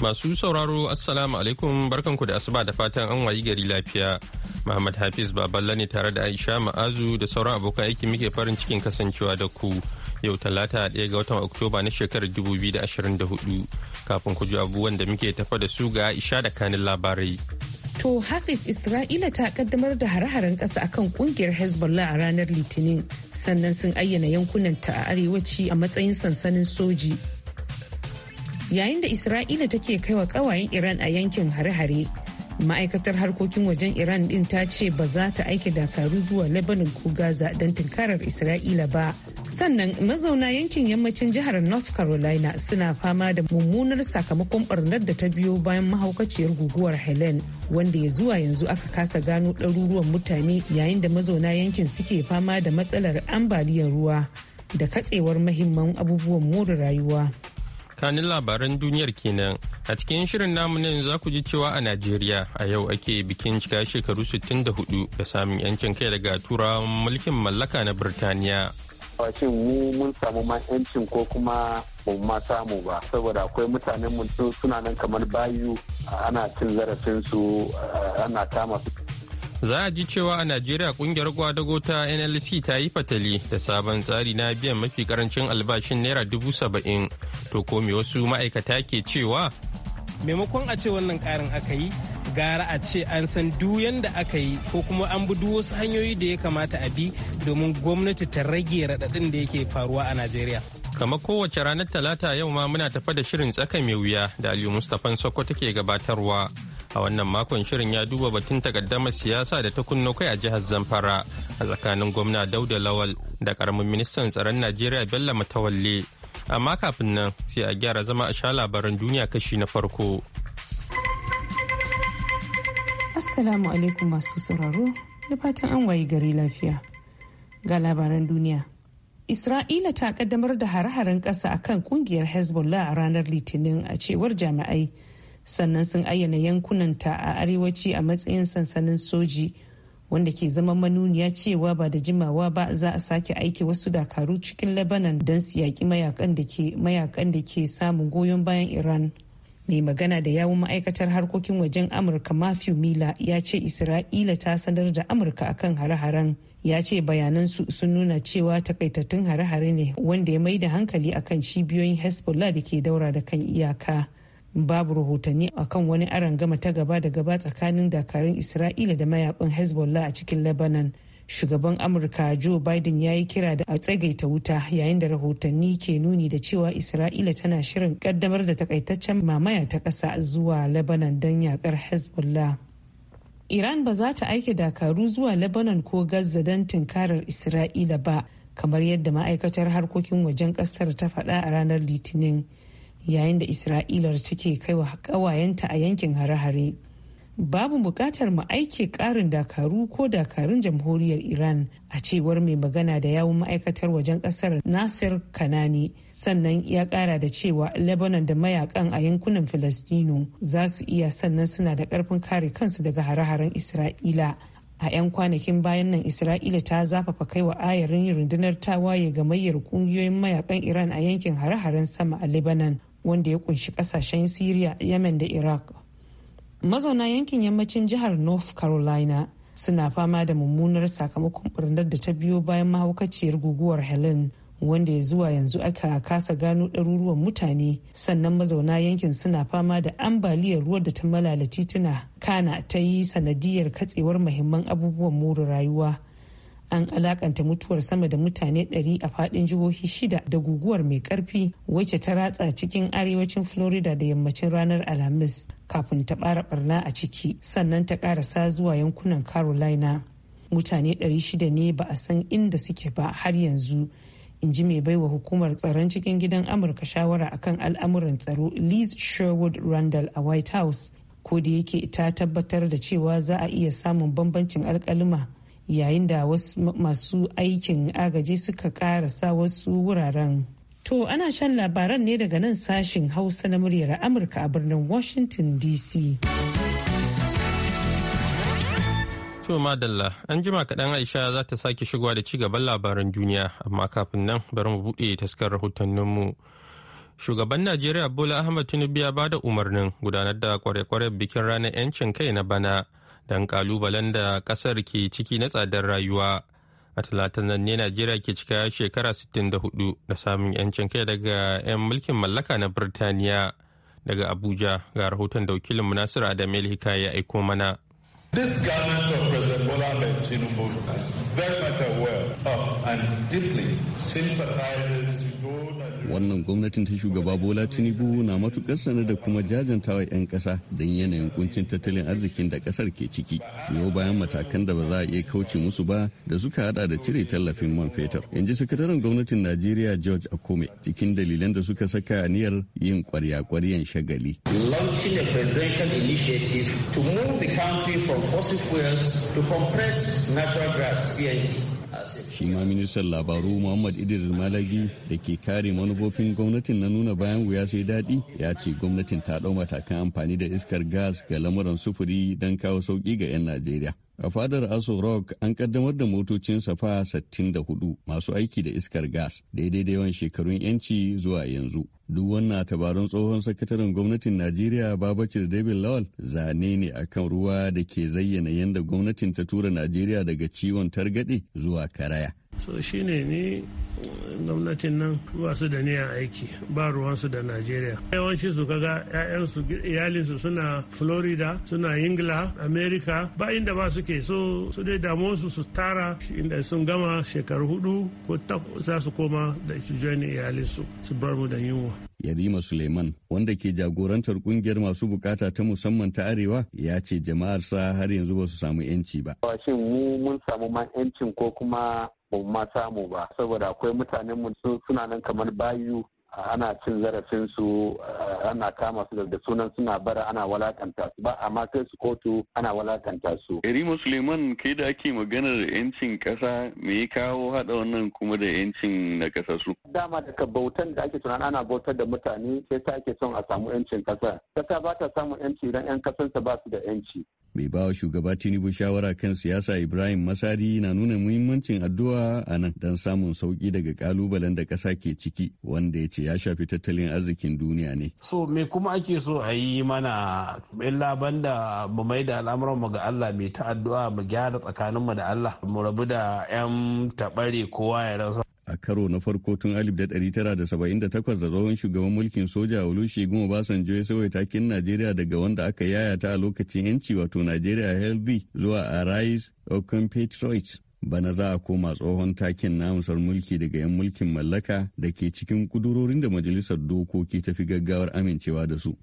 Masu sauraro Assalamu alaikum barkanku da asuba da fatan an wayi gari lafiya. Muhammad Hafiz Baballa ne tare da Aisha Ma'azu da sauran abokan aiki muke farin cikin kasancewa da ku. Yau talata ɗaya ga watan Oktoba na shekarar 2024 kafin ku ji abubuwan da muke tafa da su ga Aisha da kanin labarai. To Hafiz Isra'ila ta kaddamar da hare-haren ƙasa akan kungiyar Hezbollah a ranar Litinin sannan sun ayyana yankunanta a arewaci a matsayin sansanin soji yayin da isra'ila take kaiwa kawayen iran a yankin hare-hare ma'aikatar harkokin wajen iran din ta ce ba za ta aiki dakaru zuwa lebanon ko gaza don tunkarar isra'ila ba sannan mazauna yankin yammacin jihar north carolina suna fama da mummunar sakamakon barnar da ta biyo bayan mahaukaciyar guguwar helen wanda ya zuwa yanzu aka kasa gano ɗaruruwan mutane yayin da mazauna yankin suke fama da matsalar ambaliyar ruwa da katsewar mahimman abubuwan more rayuwa kanin labaran duniyar kenan a cikin shirin namu nan za ku ji cewa a najeriya a yau ake bikin cika shekaru 64 da samun yancin kai daga tura mulkin mallaka na birtaniya shin mu mun samu ma yancin ko kuma ba ma samu ba saboda akwai mutanen mutum suna nan kamar bayu ana cin zarafinsu ana kama su za a ji cewa a najeriya kungiyar gwadago ta nlc ta yi fatali da sabon tsari na biyan mafi karancin albashin naira dubu saba'in to ko me wasu ma'aikata ke cewa maimakon a ce wannan karin aka yi gara a ce an san duyan da aka yi ko kuma an bi wasu hanyoyi da ya kamata a bi domin gwamnati ta rage raɗaɗin da yake faruwa a najeriya kama kowace ranar talata yau ma muna tafa da shirin tsaka mai wuya da aliyu mustapha sokoto ke gabatarwa a wannan makon shirin ya duba batun takaddamar siyasa da ta kunno kai a jihar zamfara a tsakanin gwamna dauda lawal da karamin ministan tsaron najeriya bello matawalle amma kafin nan sai a gyara zama a sha labaran duniya kashi na farko assalamu alaikum masu sauraro da fatan an wayi gari lafiya ga labaran duniya Isra'ila ta kaddamar da hare-haren ƙasa akan kungiyar Hezbollah a ranar Litinin a cewar jami'ai sannan sun ayyana yankunanta a arewaci a matsayin sansanin soji wanda ke zama manuniya cewa ba da jimawa ba za a sake aiki wasu dakaru cikin lebanon don su yaƙi mayakan da ke samun goyon bayan iran mai magana da yawun ma'aikatar harkokin wajen amurka matthew miller ya ce isra'ila ta sanar da amurka akan hare-haren ya ce bayanansu sun nuna cewa takaitattun hare-hare ne wanda ya mai da hankali akan cibiyoyin hezbollah da ke daura da kan iyaka babu rahotanni akan wani gama ta gaba da gaba tsakanin dakarun isra'ila da mayakan hezbollah a cikin lebanon shugaban amurka joe biden ya yi kira da a tsagaita wuta yayin da rahotanni ke nuni da cewa isra'ila tana shirin kaddamar da takaitaccen mamaya ta kasa zuwa lebanon don yakar hezbollah iran ba za ta aike dakaru zuwa lebanon ko gaza don tunkarar isra'ila ba kamar yadda ma'aikatar harkokin wajen ƙasar ta faɗa a ranar litinin yayin da isra'ilar kai kaiwa kawayenta a yankin hare-hare babu buƙatar mu aike ƙarin dakaru ko dakarun jamhuriyar iran a cewar mai magana da yawun ma'aikatar wajen ƙasar nasir kanani sannan ya ƙara da cewa lebanon da mayakan a yankunan filistino za su iya sannan suna da ƙarfin kare kansu daga hare-haren isra'ila a 'yan kwanakin bayan nan isra'ila ta zafafa kai wa ayarin rundunar tawaye gamayyar kungiyoyin mayakan iran a yankin hare-haren sama a lebanon wanda ya kunshi kasashen syria yemen da iraq mazauna yankin yammacin jihar north carolina suna fama da mummunar sakamakon ɓarnar da ta biyo bayan mahaukaciyar guguwar helen wanda ya zuwa yanzu aka kasa gano ɗaruruwan mutane sannan mazauna yankin suna fama da ambaliyar ruwa da ta malala tituna kana ta yi sanadiyar katsewar muhimman abubuwan more rayuwa an alakanta mutuwar sama da mutane 100 a fadin jihohi shida da guguwar mai karfi wacce ta ratsa cikin arewacin florida da yammacin ranar alhamis kafin ta bara barna a ciki sannan ta karasa zuwa yankunan carolina mutane 600 ne ba a san inda suke ba har yanzu in ji mai baiwa hukumar tsaron cikin gidan amurka shawara akan al'amuran tsaro liz sherwood randall a white house ko da yake ta tabbatar da cewa za a iya samun bambancin alkalima yayin da wasu masu aikin agaji suka karasa wasu wuraren to ana shan labaran ne daga nan sashin hausa na muryar amurka a birnin washington dc to madalla an jima kaɗan aisha za ta sake shigowa da ci gaban labaran duniya amma kafin nan bari mu buɗe taskar rahotanninmu shugaban najeriya bola ahmad tinubu ya bada da umarnin gudanar da kware-kwaren bikin ranar 'yancin kai na bana don kalubalen da kasar ke ciki na tsadar rayuwa a talatin nan ne najeriya ke cika shekara 64 da samun yancin kai daga 'yan mulkin mallaka na birtaniya daga abuja ga rahoton da wakilin munasir adam hikaya ya aiko mana This government of President Bola Tinubu is very much aware of and deeply sympathizes wannan gwamnatin ta shugaba bola tinubu na matukar sana da kuma jajantawa 'yan kasa don yanayin kuncin tattalin arzikin da ƙasar ke ciki yau bayan matakan da ba za a iya kauce musu ba da suka hada da cire tallafin man fetur in ji sakataren gwamnatin najeriya george akome cikin dalilan da suka saka aniyar yin kwarya-kwaryan shagali a initiative to move the country from fossil fuels to compressed natural gas cng shi ma ministan labaru muhammad idris malagi da ke kare manufofin gwamnatin na nuna bayan wuya sai daɗi ya ce gwamnatin ta ɗau matakan amfani da iskar gas ga lamuran sufuri don kawo sauƙi ga 'yan najeriya A fadar Aso Rock an kaddamar da motocin safa 64 masu aiki da iskar gas daidai da yawan shekarun yanci zuwa yanzu. Duk wannan tabarun tsohon sakataren gwamnatin Najeriya Babacir David Lawal zane ne akan ruwa da ke zayyana yadda gwamnatin ta tura Najeriya daga ciwon targaɗe zuwa karaya. so shine ni gwamnatin nan ba su da niyan aiki ba ruwansu da najeriya yawanci su kaga 'ya'yansu iyalinsu suna florida suna ingila america ba inda ba suke so su dai damuwansu su tara inda sun gama shekaru hudu ko za su koma da su join iyalinsu su bar mu da yunwa Yarima Suleiman wanda ke jagorantar kungiyar masu bukata ta musamman ta Arewa ya ce jama'ar sa har yanzu ba su samu yanci ba. Shin mu mun samu ma yancin ko kuma ba ma samu ba saboda akwai mutanen mu suna nan kamar bayu ana cin zarafin su eh, ana kama su da sunan suna bara ana walakanta su ba amma kai su kotu ana walakanta su. Iri Musulman kai da ake maganar yancin kasa me ya kawo haɗa wannan kuma da yancin na kasa su. Dama daga bautan da ake tunanin ana bautar da mutane sai ta ake son a samu yancin kasa. Kasa ba ta samun yanci idan 'yan kasansa ba su da yanci. mai bawa shugaba tinubu shawara kan siyasa ibrahim masari na nuna muhimmancin addu'a a nan don samun sauki daga kalubalen da ƙasa ke ciki wanda ya ce ya shafi tattalin arzikin duniya ne so me kuma ake so a yi mana illa banda mu mai da al'amuran mu ga Allah mai ta addu'a mu gyara tsakaninmu da Allah mu rabu da yan tabare kowa ya rasa a karo na farko tun 1978 da tsohon shugaban mulkin soja Olusegun Obasanjo ya sauya takin Najeriya daga wanda aka yayata a lokacin yanci wato Najeriya Healthy zuwa a Arise Okunpetroit. Bana za a koma tsohon takin namusar mulki daga 'yan mulkin mallaka da ke cikin kudurorin da majalisar dokoki ta fi gaggawar amincewa da su.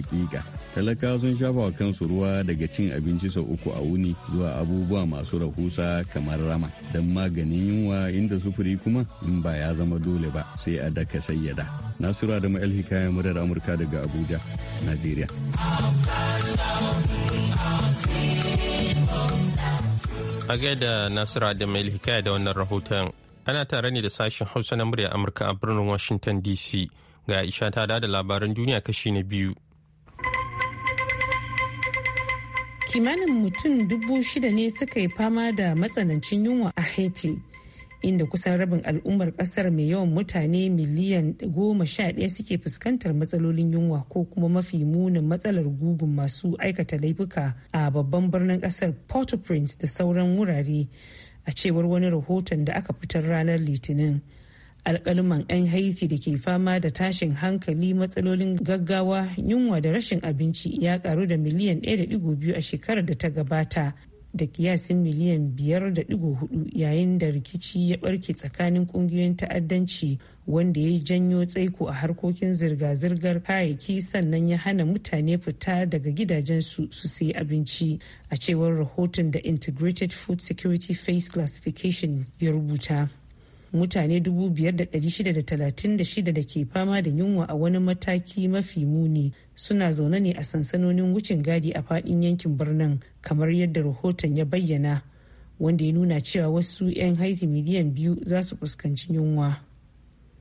hakika talakawa sun shafa wa kansu ruwa daga cin abinci sau uku a wuni zuwa abubuwa masu rahusa kamar rama don maganin yunwa inda sufuri kuma in ba ya zama dole ba sai a daka sayyada nasura da ma'il hikaya murar amurka daga abuja nigeria. a gaida nasura da ma'il hikaya da wannan rahoton ana tare ne da sashen hausa na murya amurka a birnin washington dc ga aisha ta da labaran duniya kashi na biyu kimanin mutum dubu shida ne suka yi fama da matsanancin yunwa a haiti inda kusan rabin al'ummar kasar mai yawan mutane miliyan goma sha ɗaya suke fuskantar matsalolin yunwa ko kuma mafi munin matsalar gugun masu aikata laifuka a babban birnin kasar port-au-prince da sauran wurare a cewar wani rahoton da aka fitar ranar litinin alkaluman 'yan haiti da ke fama da tashin hankali matsalolin gaggawa yunwa da rashin abinci ya karu da miliyan 1.2 a shekarar da ta gabata da kiyasin miliyan 5.4 yayin da rikici ya barke tsakanin kungiyoyin ta'addanci wanda ya janyo tsaiko a harkokin zirga-zirgar kayayyaki sannan ya hana mutane fita daga gidajensu su sayi abinci a cewar rahoton da integrated food security face classification ya rubuta mutane 5,636 da ke fama da yunwa a wani mataki mafi muni suna zaune ne a sansanonin wucin gadi a fadin yankin birnin kamar yadda rahoton ya bayyana wanda ya nuna cewa wasu 'yan haiti miliyan biyu za su fuskanci yunwa.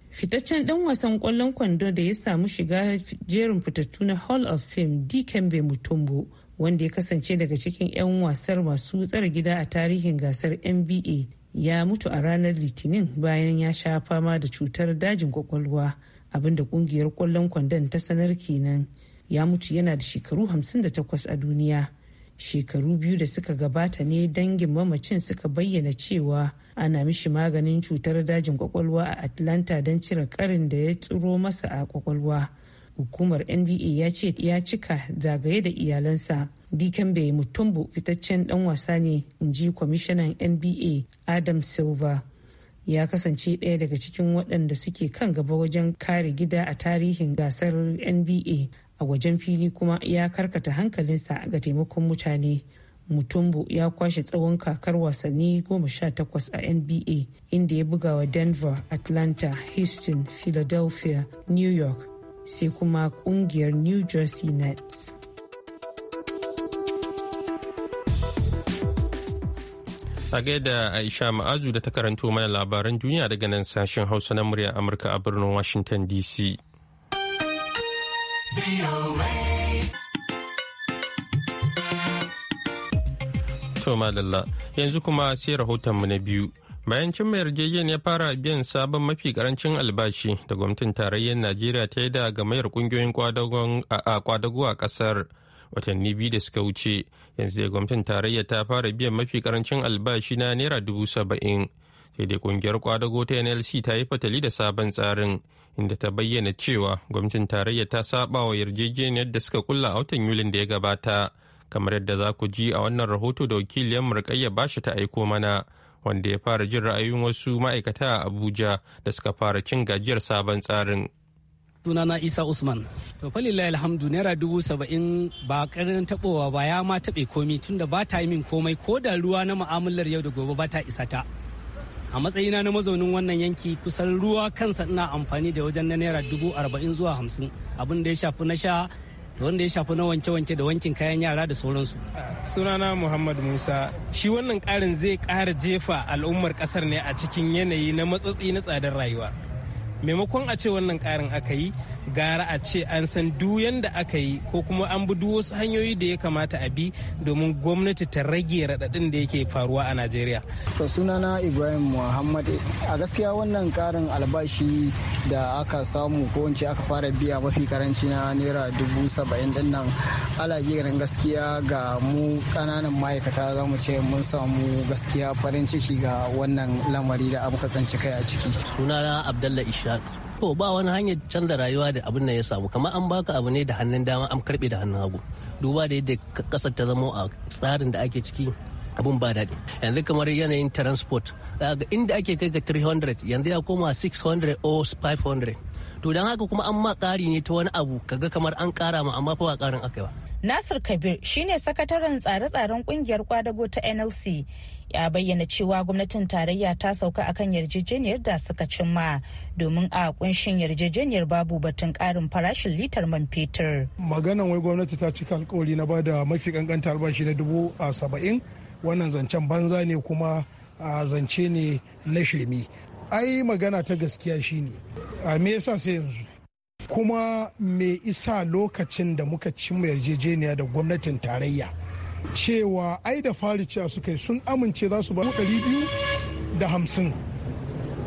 fitaccen dan wasan kwallon kwando da ya samu shiga jerin fitattu na hall of fame dikembe mutombo wanda ya kasance daga cikin 'yan wasar masu tsare gida a tarihin gasar nba ya mutu a ranar litinin bayan ya sha fama da cutar dajin kwakwalwa abinda kungiyar kwallon kwandon ta sanar kenan ya mutu yana da shekaru 58 a duniya shekaru biyu da suka gabata ne dangin mamacin suka bayyana cewa ana mishi maganin cutar dajin kwakwalwa a atlanta don cire karin da ya tsiro masa a kwakwalwa hukumar nba ya ce ya cika zagaye da iyalansa dikembe mutumbu fitaccen dan wasa ne in ji kwamishinan nba adam silver ya kasance ɗaya daga cikin waɗanda suke kan gaba wajen kare gida a tarihin gasar nba a wajen fili kuma ya karkata hankalinsa ga taimakon mutane mutumbu ya kwashe tsawon kakar wasanni 18 a nba inda ya buga wa denver atlanta houston philadelphia new york sai kuma kungiyar New Jersey Nets. A gaida Aisha Ma'azu da ta karanto mana labaran duniya daga nan sashen Hausa na murya Amurka a birnin Washington DC. To yanzu kuma sai rahotonmu na biyu. bayan cin mai yarjejeniyar fara biyan sabon mafi karancin albashi da gwamnatin tarayyar najeriya ta yi da mayar kungiyoyin kwadago a kasar watanni biyu da suka wuce yanzu da gwamnatin tarayya ta fara biyan mafi karancin albashi na naira dubu saba'in sai dai kungiyar kwadago ta nlc ta yi fatali da sabon tsarin inda ta bayyana cewa gwamnatin tarayya ta saba wa yarjejeniyar da suka kulla a watan yulin da ya gabata kamar yadda za ku ji a wannan rahoto da wakiliyar murƙayya shi ta aiko mana wanda ya fara jin ra'ayin wasu ma'aikata a abuja da suka fara cin gajiyar sabon tsarin sunana isa usman to falillahi alhamdu naira dubu saba'in ba karin tabowa ba ya ma taɓe komi tunda ba ta yi min komai ko da ruwa na mu'amalar yau da gobe ba ta isa ta a matsayina na mazaunin wannan yanki kusan ruwa kansa ina amfani da wajen na naira dubu arba'in zuwa hamsin abin da ya shafi na sha da wanda ya shafi na wance-wance da wankin kayan yara da sauransu. sunana muhammad musa shi wannan karin zai kara jefa al'ummar kasar ne a cikin yanayi na matsatsi na tsadar rayuwa maimakon a ce wannan karin aka yi gara a ce an san duyan da aka yi ko kuma an bi duk wasu hanyoyi da ya kamata a bi domin gwamnati ta rage raɗaɗin da yake faruwa a najeriya to sunana ibrahim muhammad a gaskiya wannan karin albashi da aka samu ko wance aka fara biya mafi karanci na naira dubu saba'in din nan alajerin gaskiya ga mu kananan ma'aikata za mu ce mun samu gaskiya farin ciki ga wannan lamari da abu kasance kai a ciki sunana abdallah ishaq to ba wani hanyar canza rayuwa da abin nan ya samu kamar an baka abu ne da hannun dama an karbe da hannun hagu duba da yadda kasar ta zama a tsarin da ake ciki abun ba daɗi yanzu kamar yanayin transport daga inda ake kai ga 300 yanzu ya koma 600 or 500 to don haka kuma an ma ƙari ne ta wani abu kaga kamar an ƙara ma amma fa ba ƙarin aka yi ba Nasir Kabir shine sakataren tsare-tsaren kungiyar kwadago ta NLC ya bayyana cewa gwamnatin tarayya ta sauka akan yarjejeniyar da suka cimma domin a kunshin yarjejeniyar babu batun karin farashin litar man fetur. Maganan wai gwamnati ta cika alkawari na bada mafi kankanta albashi na dubu saba'in wannan zancen banza ne kuma zance ne na shirme. Ai magana ta gaskiya shine. a Me yasa sai yanzu? kuma me isa lokacin da muka cimma yarjejeniya da gwamnatin tarayya cewa ai da fari cewa suka yi sun amince za su ba da hamsin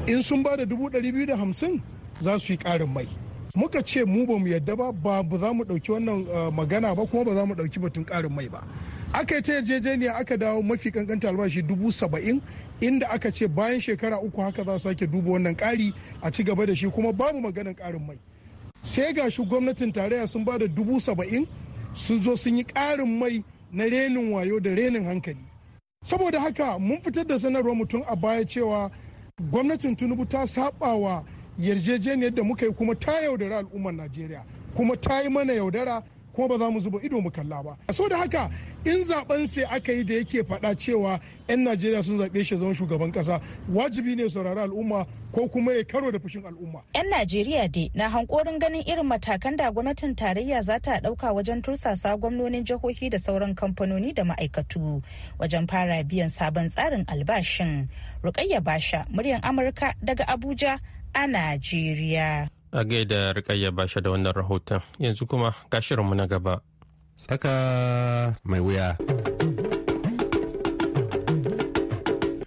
in sun ba da dubu ɗari biyu da hamsin za su yi ƙarin mai muka ce mu ba mu yadda ba ba za mu ɗauki wannan eh, magana ba kuma ba za mu ɗauki batun ƙarin mai ba aka yi ta yarjejeniya aka dawo mafi kankanta albashi dubu saba'in inda aka ce bayan shekara uku haka za su sake duba wannan ƙari a ci gaba da shi kuma babu maganin ƙarin mai sai ga shi gwamnatin tarayya sun ba da dubu saba'in sun zo sun yi ƙarin mai na renin wayo da renin hankali saboda haka mun fitar da sanarwar mutum a baya cewa gwamnatin tinubu ta saba wa yarjejeniyar da muka yi kuma ta yaudara al'ummar najeriya kuma ta yi mana yaudara kuma ba za mu zuba ido mu kalla ba so da haka in zaben sai aka yi da yake faɗa cewa 'yan najeriya sun zaɓe shi zama shugaban ƙasa wajibi ne saurari al'umma ko kuma ya karo da fushin al'umma 'yan najeriya dai na hankorin ganin irin matakan da gwamnatin tarayya za ta ɗauka wajen tursasa gwamnonin jihohi da sauran kamfanoni da ma'aikatu wajen fara biyan sabon tsarin albashin rukayya basha muryar amurka daga abuja a najeriya A gaida rikayya ba shi da wannan rahoton yanzu kuma ga mu na gaba. Tsaka mai wuya.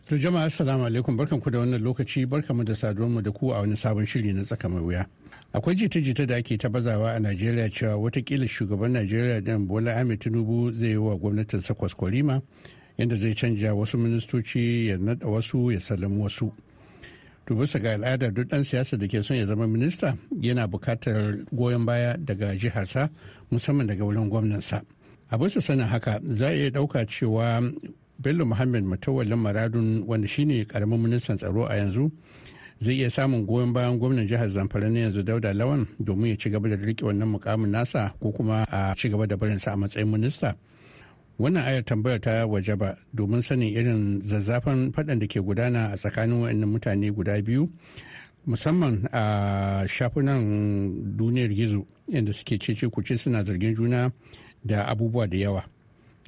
To jama'a assalamu alaikum barkanku da wannan lokaci barkan mu da mu da ku a wani sabon shiri na tsaka mai wuya. Akwai jita-jita da ake tabazawa a Najeriya cewa watakila shugaban Najeriya dan Bola Ahmed Tinubu zai yi wa gwamnatin Sakwas Kwarima yadda zai canja wasu ministoci ya naɗa wasu ya sallami wasu. to bisa ga al'ada duk ɗan siyasa da ke son ya zama minista yana bukatar goyon baya daga jiharsa musamman daga wurin gwamnansa a bisa sanin haka za a iya ɗauka cewa bello muhammad matawallin maradun wanda shine karamin ministan tsaro a yanzu zai iya samun goyon bayan gwamnan jihar zamfara na yanzu dauda lawan domin ya ci gaba da rike wannan mukamin nasa ko kuma a ci gaba da barinsa a matsayin minista wannan ayar tambayar ta waje ba domin sanin irin zazzafan faɗan da ke gudana a tsakanin waɗannan mutane guda biyu musamman a shafunan duniyar gizo inda suke cece kuce suna zargin juna da abubuwa da yawa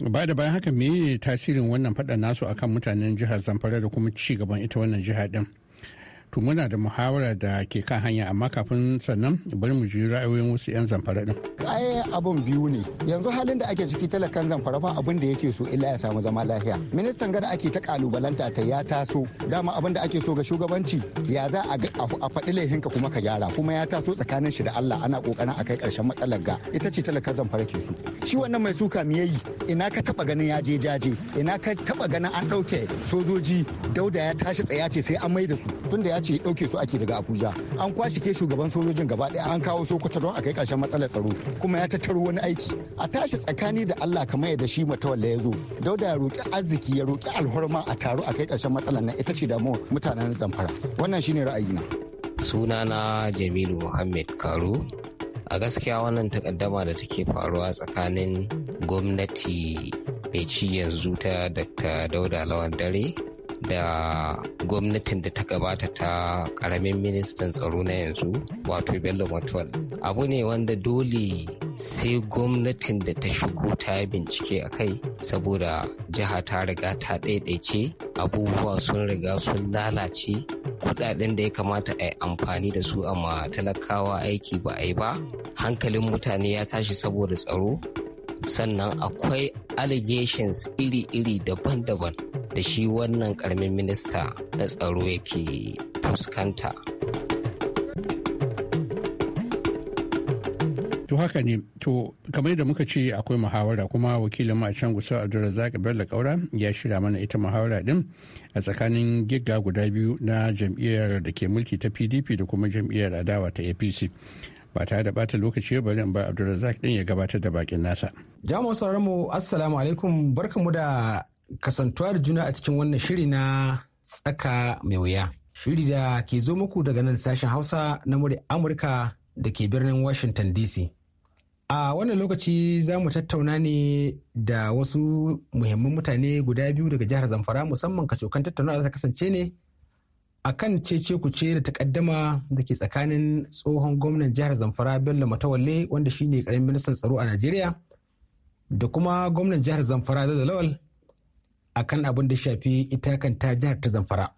ba da bayan haka me tasirin wannan faɗan nasu akan mutanen jihar zamfara da kuma ci gaban ita wannan jihar din to muna da muhawara da ke kan hanya amma kafin sannan bari mu ji ra'ayoyin wasu 'yan zamfara din. ai abun biyu ne yanzu halin da ake ciki talakan zamfara ba abin da yake so illa ya samu zama lafiya ministan gada ake ta kalubalanta ta ya taso dama abin da ake so ga shugabanci ya za a faɗi ka kuma ka gyara kuma ya taso tsakanin shi da Allah ana kokarin a kai karshen matsalar ga ita ce talakan zamfara ke so shi wannan mai suka me yayi ina ka taba ganin ya je jaje ina ka taba ganin an ɗauke sojoji dauda ya tashi tsaya ce sai an mai da su tunda ya ce dauke su ake daga abuja an kwashi ke shugaban sojojin gaba daya an kawo sokoto don a kai matsalar tsaro kuma ya tattaro wani aiki a tashi tsakani da allah kamar yadda shi matawalla ya zo dauda ya roki arziki ya roki alhorma a taro a kai ƙarshen matsalar nan ita ce damuwar mutanen zamfara wannan shine ra'ayina sunana jamilu muhammad karu a gaskiya wannan takaddama da take faruwa tsakanin gwamnati mai ci yanzu ta dr dauda lawan dare da gwamnatin da ta gabata ta karamin ministan tsaro na yanzu wato bello matwal abu ne wanda dole sai gwamnatin da ta shigo ta yi bincike a kai saboda jiha ta riga ta ɗaiɗaice abubuwa sun riga sun lalace kuɗaɗen da ya kamata a yi amfani da su amma talakawa aiki ba a yi ba hankalin mutane ya tashi saboda tsaro sannan akwai allegations iri-iri daban-daban da shi wannan karamin minista na tsaro yake fuskanta. To haka ne, to kamar da muka ce akwai muhawara kuma wakilin a can gusa Abdulrazak Bello Kaura ya shirya mana ita muhawara din a tsakanin gigga guda biyu na jam'iyyar da ke mulki ta PDP da kuma jam'iyyar adawa ta APC. ba tare da bata lokaci bari in ba Abdulrazak din ya gabatar da bakin nasa. Jama'a sauraron mu assalamu alaikum barkamu da kasantuwa da juna a cikin wannan shiri na tsaka mai wuya. Shiri da ke zo muku daga nan sashen Hausa na muri Amurka da ke birnin Washington DC. A wannan lokaci za mu tattauna ne da wasu muhimman mutane guda biyu daga jihar Zamfara musamman kacokan tattaunawa ta kasance ne a kan cece kuce da takaddama da ke tsakanin tsohon gwamnan jihar Zamfara Bello Matawalle wanda shine karamin ministan tsaro a Najeriya da kuma gwamnan jihar Zamfara da Lawal a kan abin da shafi ita kanta jihar ta zamfara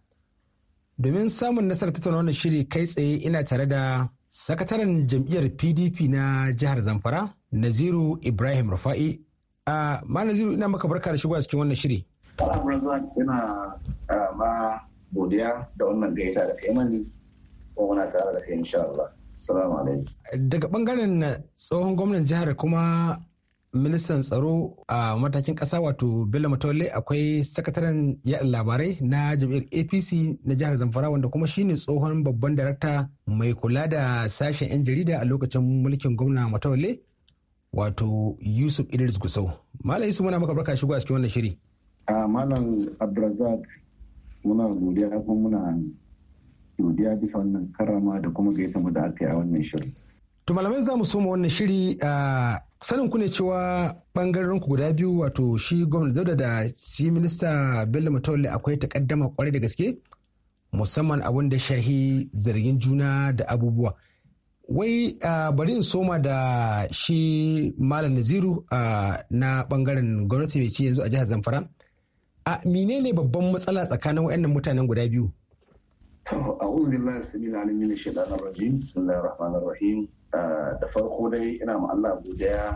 domin samun nasarar tattauna wannan shiri kai tsaye ina tare da sakataren jam'iyyar pdp na jihar zamfara naziru ibrahim rufa'i a ma naziru ina maka barka da shigowa cikin wannan shiri ina ma godiya da wannan gaita da kai mani muna tare da kai insha Allah. Daga bangaren tsohon gwamnan jihar kuma ministan tsaro a matakin kasa wato bello matole akwai sakataren yada labarai na jam'iyyar apc na jihar zamfara wanda kuma shine tsohon babban darakta mai kula da sashen 'yan jarida a lokacin mulkin gwamna matole wato yusuf idris gusau malam yusuf muna maka barka shigo a cikin wannan shiri a malam abdulrazak muna godiya kuma muna godiya bisa wannan karama da kuma gaisa mu da aka yi a wannan shirin to malamai za mu soma wannan shiri a ah, sanin ku ne cewa bangaren ku guda biyu wato shi gwamnati dauda da shi minista bello mutawalle akwai takaddama kwarai da gaske musamman abin da shahi zargin juna da abubuwa wai bari in soma da shi malam naziru na bangaren gwamnati mai ci yanzu a jihar zamfara a menene babban matsala tsakanin waɗannan mutanen guda biyu أعوذ بالله السميع da farko dai ina ma Allah godiya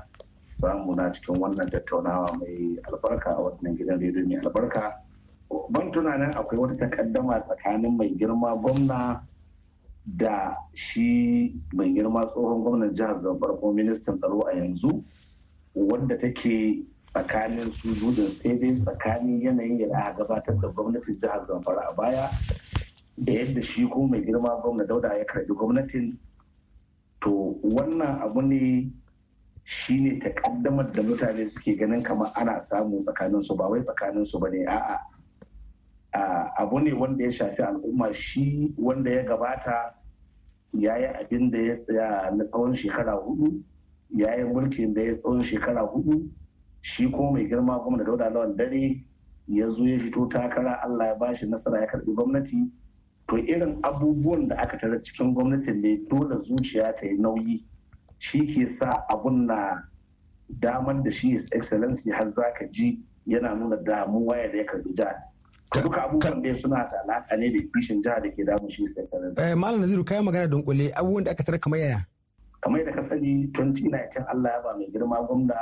samu na cikin wannan tattaunawa mai albarka a wannan gidan rediyo mai albarka ban tunanin akwai wata takaddama tsakanin mai girma gwamna da shi mai girma tsohon gwamnan jihar zamfara ko ministan tsaro a yanzu wanda take tsakanin su sai dai tsakanin yanayin da aka gabatar da gwamnatin jihar zamfara a baya da yadda shi ko mai girma gwamna dauda ya karbi gwamnatin to wannan abu ne shi ne takaddamar da mutane suke ganin kamar ana samu tsakanin su ba wai tsakanin su bane a'a abu ne wanda ya shafi al'umma shi wanda ya gabata ya yi abin da ya tsaya na tsawon shekara hudu ya yi mulkin da ya tsawon shekara hudu shi ko mai girma gwamna dauda lawan dare ya zo ya fito takara allah ya bashi nasara ya karbi gwamnati to irin abubuwan da aka tara cikin gwamnatin ne dole zuciya ta yi nauyi shi ke sa abun na daman da shi is excellency har za ka ji yana nuna damuwa yadda ya karbi jihar duka abubuwan da suna da alaƙa ne da fishin jihar da ke damun shi is excellency eh, malam naziru kayan magana dunkule abubuwan da aka tara kamar yaya kamar da ka sani 2019 allah ya ba mai girma gwamna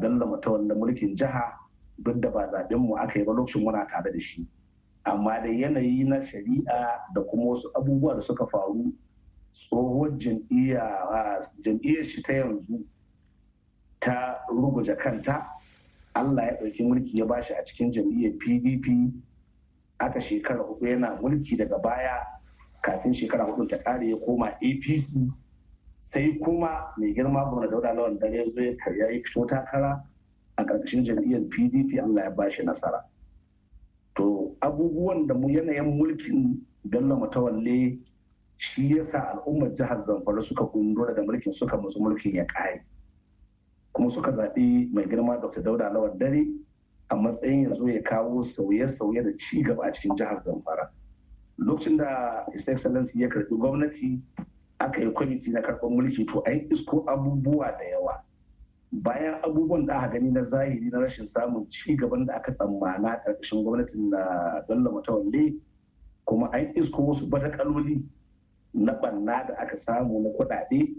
dallama ta wanda mulkin jiha duk da ba zaɓen mu aka yi ba lokacin muna tare da shi amma da yanayi na shari'a da kuma wasu abubuwa da suka faru tsohon jam'iyyar shi ta yanzu ta ruguje kanta allah ya ɗauki mulki ya bashi a cikin jam'iyyar pdp aka shekara hudu yana mulki daga baya kafin shekara hudu ta ƙare ya koma apc sai kuma mai girma da dauda lawan dare zo ya ya fito takara a ƙarƙashin jam'iyyar pdp allah ya bashi nasara to abubuwan da mu yanayin mulkin bello matawalle shi yasa al'ummar jihar zamfara suka gundura da mulkin suka musu mulkin ya kare kuma suka zaɓi mai girma dr dauda lawar dare a matsayin ya zo ya kawo sauye-sauye da ci gaba a cikin jihar zamfara lokacin da his excellency ya karɓi gwamnati aka yi kwamiti na karɓar mulki to a yi isko abubuwa da yawa bayan abubuwan da aka gani na zahiri na rashin samun ci gaban da aka tsammana ƙarƙashin gwamnatin na ah, Bello Matawalle kuma an isko wasu kaloli na banna da aka samu na kuɗaɗe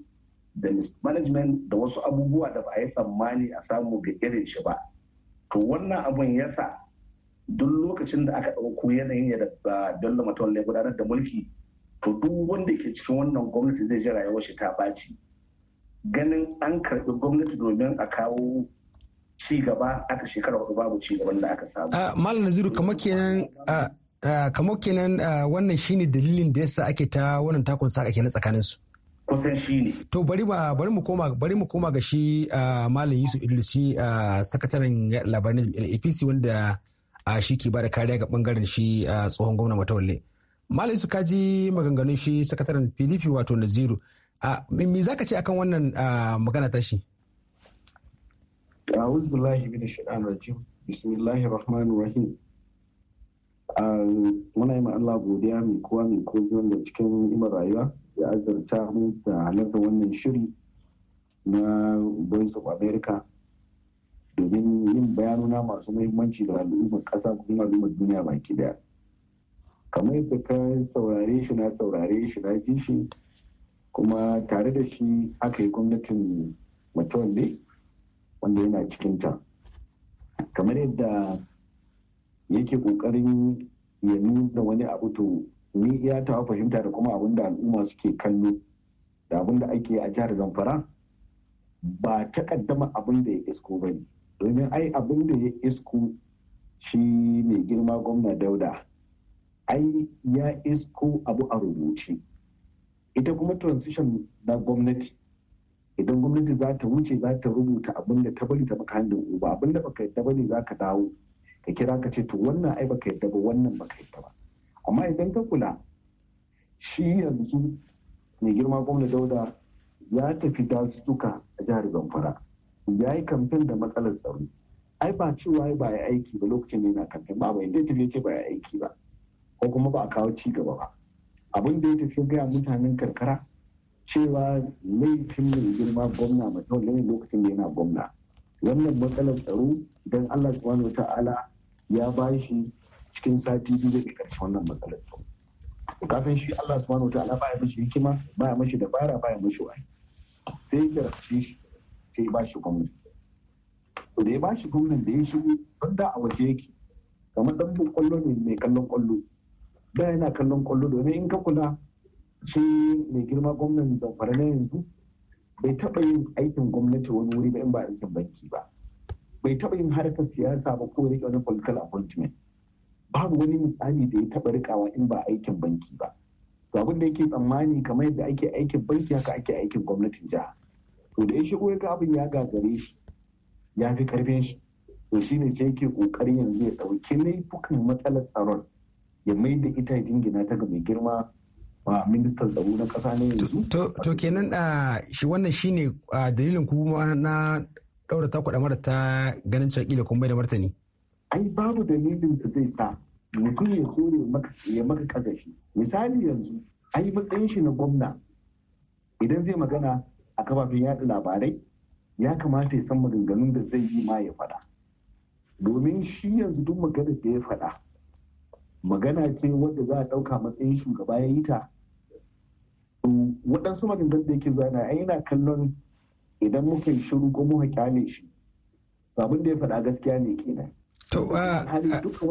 da mismanagement da wasu abubuwa da ba a yi tsammani a samu ga irin shi ba to wannan abun yasa duk lokacin da aka ɗauko yanayin da ah, Bello Matawalle gudanar da mulki to duk wanda ke cikin wannan gwamnati zai ji rayuwar shi ta ɓaci. ganin an karɓi gwamnati domin a kawo ci gaba aka shekara hudu babu ci gaban da aka samu. Ah, Malam Naziru kamar kenan ah, ah, kamar kenan wannan shine dalilin da yasa ake ta wannan takun saka kenan tsakanin su. Kusan shi ne. To bari ba bari mu koma bari mu koma ga shi Malam Yusuf Idris shi sakataren labarin APC wanda shi ke bada kariya ga bangaren shi tsohon gwamna Matawalle. Malam Yusuf kaji maganganun shi sakataren PDP wato Naziru. me za ka ce akan wannan magana ta shi a'udhu billahi minash shaitanir rajim bismillahi rahmanu rahim muna yi Allah godiya mai kowa mai kogi wanda cikin imar rayuwa ya azarta mu da halartar wannan shiri na Boys of america domin yin bayanuna masu muhimmanci da al'ummar ƙasa kuma al'ummar duniya baki daya kamar yadda ka saurare shi na saurare shi na jin shi kuma tare da shi aka yi gwamnatin matawalle wanda yana cikinta kamar yadda yake kokarin ya nuna wani abu to ni iya tawa fahimta da kuma abin al'umma suke kallo da abinda ake a jihar zamfara ba ta kaddama abin da ya isko ba ne domin ai abin da ya isko shi mai girma gwamna dauda ai ya isko abu a rubuce ita kuma transition na gwamnati idan gwamnati za ta wuce za ta rubuta abin da ta bari ta baka hannun uba abin da baka yadda bane za ka dawo ka kira ka ce to wannan ai baka yadda ba wannan baka yadda ba amma idan ka kula shi yanzu mai girma gwamna dauda ya tafi dazuka a jihar zamfara ya yi kamfen da matsalar tsaro ai ba cewa ba ya aiki ba lokacin da yana kamfen ba ba inda ya ce ba ya aiki ba ko kuma ba a kawo ci gaba ba abin da ya tafi gaya mutanen karkara cewa laifin mai girma gwamna mutum ne lokacin da yana gwamna wannan matsalar tsaro don allah subhanahu ta'ala ya ba shi cikin sati biyu da karshe wannan matsalar tsaro kafin shi allah subhanahu ta'ala baya mashi hikima baya mashi dabara baya mashi wani sai ya rafi shi sai ya ba shi gwamna to da ya ba shi gwamnan da ya shigo banda da a waje yake kamar dan kwallo ne mai kallon kwallo da yana kallon kwallo domin in ka kula shi mai girma gwamnan zamfara na yanzu bai taɓa yin aikin gwamnati wani wuri ba in ba aikin banki ba bai taɓa yin harkar siyasa ba ko rike wani political appointment babu wani misali da ya taɓa rikawa in ba aikin banki ba to abin da yake tsammani kamar yadda ake aikin banki haka ake aikin gwamnatin jiha to da ya shigo ya ga abin ya gagare shi ya fi karfin shi to shine sai yake kokarin yanzu ya ɗauki laifukan matsalar tsaron ya mai da ita ya jingina ta ga mai girma ba ministan tsaro na kasa ne yanzu. To kenan a shi wannan shine dalilin kuma na ɗaura ta kuɗa mara ta ganin da kuma da martani. Ai babu dalilin da zai sa mutum ya so ya maka ƙazashi. misali yanzu an yi matsayin shi na gwamna idan zai magana a kafafen yaɗa labarai ya kamata ya san maganganun da zai yi ma ya faɗa domin shi yanzu duk maganar da ya faɗa magana ce wadda za a ɗauka matsayin shugaba ya yi ta waɗansu maganganun da yake zana ai yana kallon idan muka yi shiru ko muka kyale shi abin da ya faɗa gaskiya ne kenan to a hali ah, duka ah.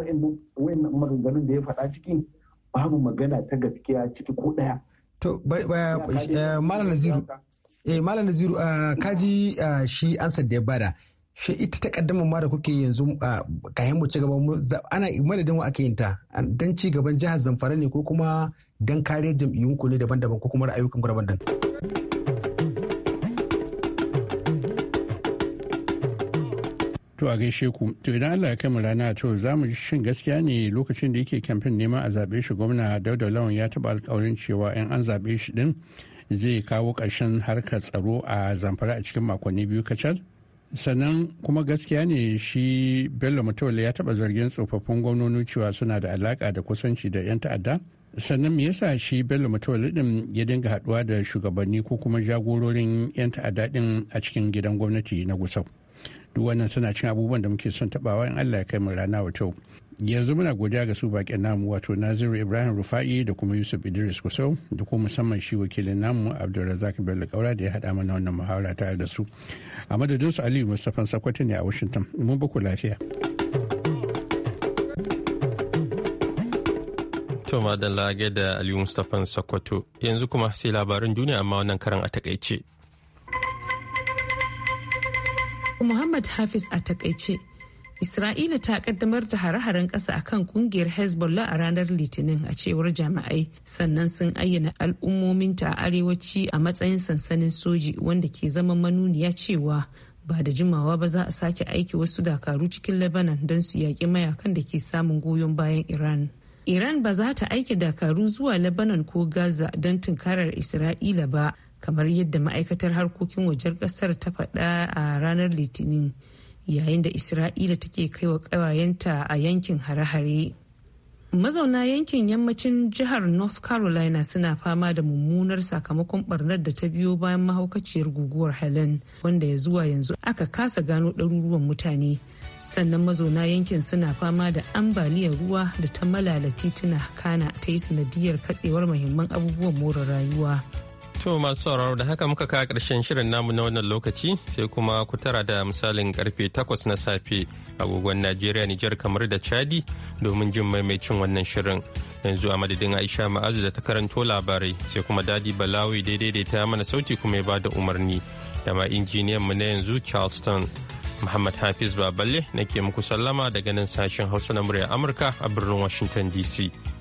wayannan maganganun da ya faɗa ciki babu magana ta gaskiya ciki ko ɗaya to eh, malam naziru eh malam naziru ah, kaji shi ansa da ya bada shi ita ta kaddama ma da kuke yanzu kayan mu ci gaba ana madadin wa ake yin ta dan ci gaban jihar Zamfara ne ko kuma dan kare jam'iyyun ku ne daban-daban ko kuma ra'ayoyin ku daban-daban To a gaishe ku, to idan Allah ya kai mu rana to za mu ji shin gaskiya ne lokacin da yake kamfen neman a zaɓe shi gwamna Dauda Lawan ya taɓa alƙawarin cewa in an zaɓe shi din zai kawo ƙarshen harkar tsaro a zamfara a cikin makonni biyu kacal? sannan kuma gaskiya ne shi bello mutawalla ya taba zargin tsofaffin gwamnoni cewa suna da alaka da kusanci da 'yan ta'adda sannan me yasa shi bello mutawalla din ya dinga haduwa da shugabanni ko kuma jagororin 'yan ta'adda din a cikin gidan gwamnati na gusau duk wannan suna cin abubuwan da muke son tabawa in Allah ya kai mu rana wato yanzu muna godiya ga su bakin namu wato Naziru Ibrahim Rufa'i da kuma Yusuf Idris Kusau da kuma musamman shi wakilin namu Abdulrazak Bello Kaura da ya hada mana wannan muhawara ta da su a madadin su Aliyu Mustafa Sakwati ne a Washington mun ku lafiya To madalla da Aliyu Mustapha Sokoto yanzu kuma sai labarin duniya amma wannan karan a takaice. Muhammad Hafiz a takaice. Isra'ila ta kaddamar da hare-haren ƙasa kan kungiyar Hezbollah a ranar Litinin a cewar jami'ai sannan sun ayyana al'ummominta a arewaci a matsayin sansanin soji wanda ke zama manuniya cewa ba da jimawa ba za a sake aiki wasu dakaru cikin Lebanon don su yaƙi mayakan da ke samun goyon bayan Iran. Iran ba za ta aiki dakaru zuwa Lebanon ko Gaza don tunkarar Isra'ila ba. kamar yadda ma'aikatar harkokin wajen kasar ta faɗa a ranar litinin yayin da isra'ila take kaiwa kawayenta a yankin hare-hare mazauna yankin yammacin jihar north carolina suna fama da mummunar sakamakon barnar da ta biyo bayan mahaukaciyar guguwar helen wanda ya zuwa yanzu aka kasa gano ɗaruruwan mutane sannan mazauna yankin suna fama da ambaliyar ruwa da ta malala tituna kana ta yi sanadiyar katsewar muhimman abubuwan more rayuwa To masu sauraro da haka muka kawo ƙarshen shirin namu na wannan lokaci sai kuma ku tara da misalin karfe takwas na safe agogon Najeriya Nijar kamar da Chadi domin jin maimaicin wannan shirin. Yanzu a madadin Aisha Ma'azu da ta karanto labarai sai kuma Dadi Balawi daidai da ta mana sauti kuma ya ba da umarni da ma injiniyan mu na yanzu Charleston Muhammad Hafiz Baballe nake muku sallama daga nan sashen Hausa na murya Amurka a birnin Washington DC.